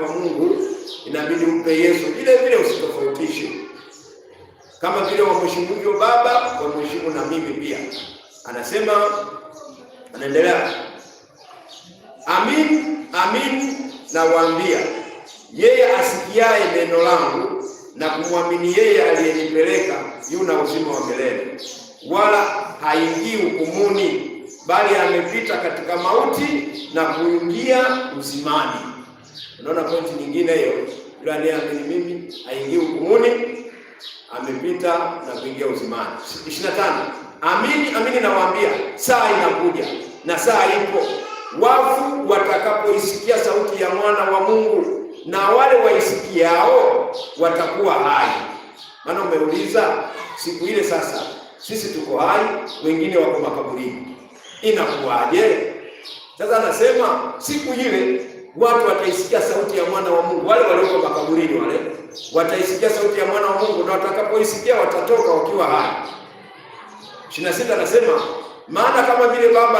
kwa Mungu inabidi mpe Yesu vile vile, usitofautishe kama vile wamheshimu baba wamheshimu na mimi pia. Anasema, anaendelea, amin amin nawaambia, yeye asikiaye neno langu na kumwamini yeye aliyenipeleka yuna uzima wa milele, wala haingii hukumuni, bali amepita katika mauti na kuingia uzimani. Unaona pointi nyingine hiyo, yule anayeamini mimi aingie hukumuni, amepita na kuingia uzimani. 25. Amini amini nawaambia, saa inakuja na saa ipo, wafu watakapoisikia sauti ya mwana wa Mungu, na wale waisikiao watakuwa hai. Maana umeuliza siku ile, sasa sisi tuko hai, wengine wako makaburini, inakuwaje? Sasa anasema siku ile watu wataisikia sauti ya mwana wa Mungu, wale walioko makaburini wale wataisikia sauti ya mwana wa Mungu, na watakapoisikia watatoka wakiwa hai. 26 anasema maana kama vile Baba